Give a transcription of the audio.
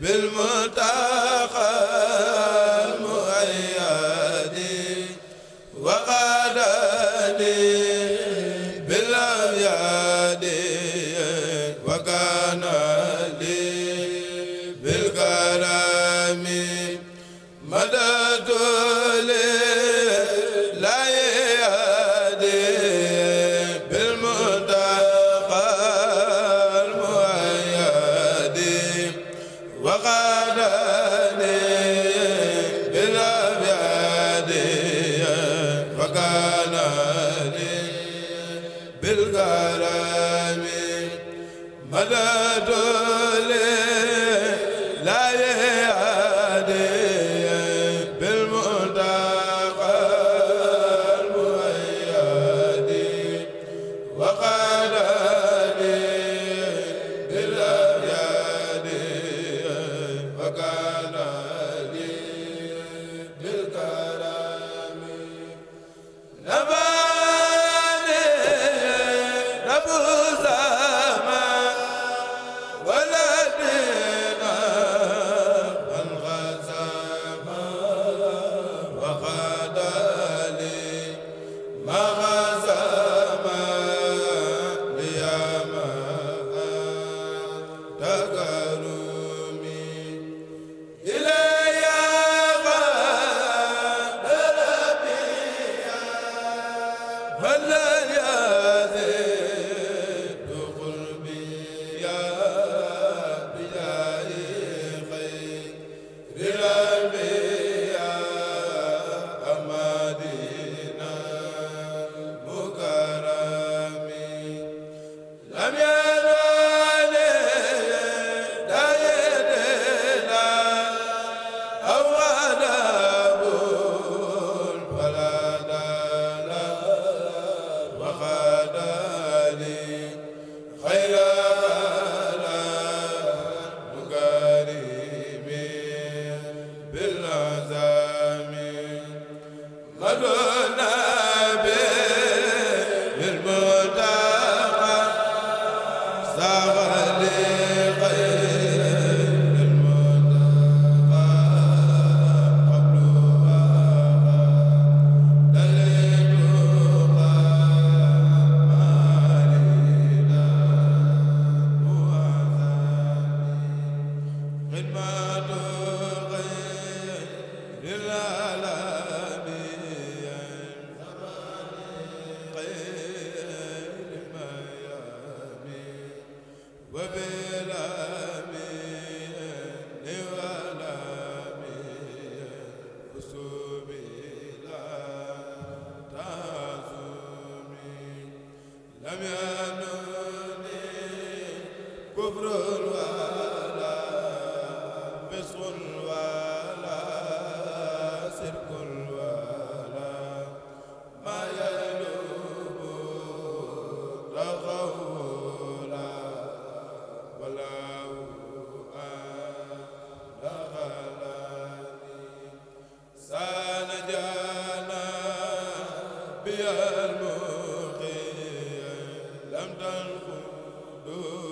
بالمتقى Madado Baba amiin al-Qudus